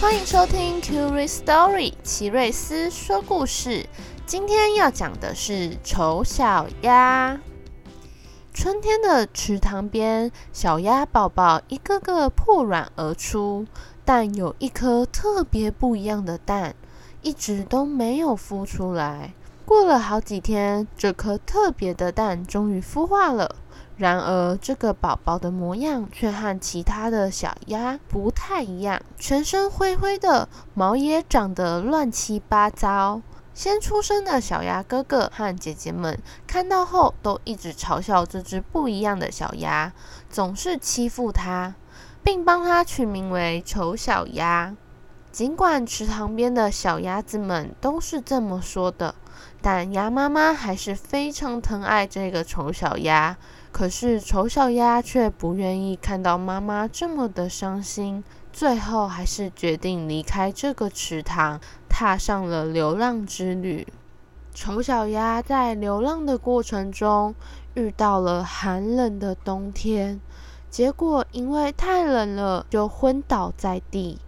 歡迎收聽《Curious Story》，奇瑞斯說故事。今天要講的是《醜小鴨》。春天的池塘邊，小鴨寶寶一個個破卵而出，但有一顆特別不一樣的蛋，一直都沒有孵出來。過了好幾天，這顆特別的蛋終於孵化了。然而，這個寶寶的模樣卻和其他的小鴨不太一樣，全身灰灰的，毛也長得亂七八糟。先出生的小鴨哥哥和姐姐們看到後，都一直嘲笑這隻不一樣的小鴨，總是欺負它，並幫它取名為“醜小鴨”。儘管池塘邊的小鴨子們都是這麼說的，但鴨媽媽還是非常疼愛這個醜小鴨。可是醜小鴨却不願意看到媽媽這麼的傷心，最後還是決定離開這個池塘，踏上了流浪之旅。醜小鴨在流浪的過程中遇到了寒冷的冬天，結果因為太冷了，就昏倒在地。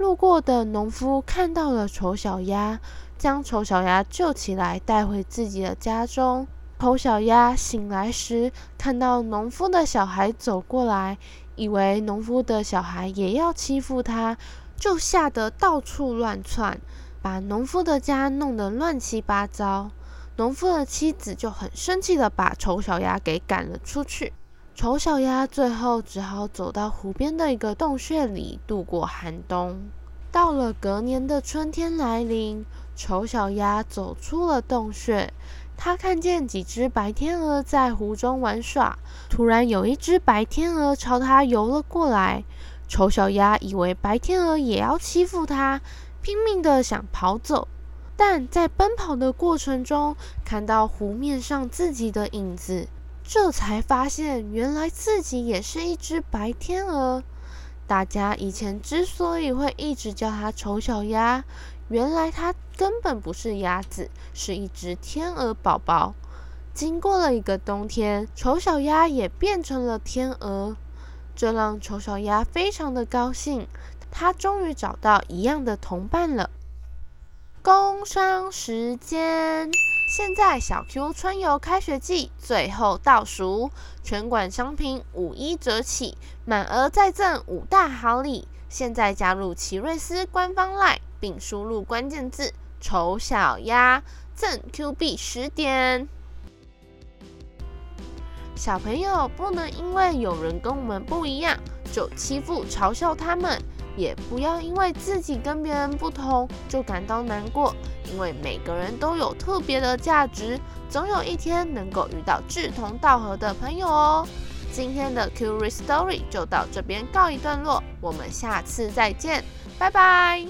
路過的農夫看到了醜小鴨，將醜小鴨救起來，帶回自己的家中。醜小鴨醒來時，看到農夫的小孩走過來，以為農夫的小孩也要欺負他，就嚇得到處亂竄，把農夫的家弄得亂七八糟。農夫的妻子就很生氣的把醜小鴨給趕了出去。醜小鴨最後只好走到湖邊的一個洞穴裡度過寒冬。到了隔年的春天來臨，醜小鴨走出了洞穴，它看見幾隻白天鵝在湖中玩耍。突然，有一隻白天鵝朝它游了過來。醜小鴨以為白天鵝也要欺負它，拼命的想跑走，但在奔跑的過程中，看到湖面上自己的影子。這才發現，原來自己也是一隻白天鵝。大家以前之所以會一直叫它醜小鴨，原來它根本不是鴨子，是一隻天鵝寶寶。經過了一個冬天，醜小鴨也變成了天鵝，這讓醜小鴨非常的高興。它終於找到一樣的同伴了。工商時間。現在小 Q 春遊開學季最後倒數，全館商品五一折起，滿額再贈五大好禮。現在加入奇瑞斯官方 LINE，並輸入關鍵字“醜小鴨”，贈 Q 幣十點。小朋友不能因為有人跟我們不一樣，就欺負嘲笑他們。也不要因為自己跟別人不同就感到難過，因為每個人都有特別的價值，總有一天能夠遇到志同道合的朋友哦。今天的 Curious Story 就到這邊告一段落，我們下次再見，拜拜。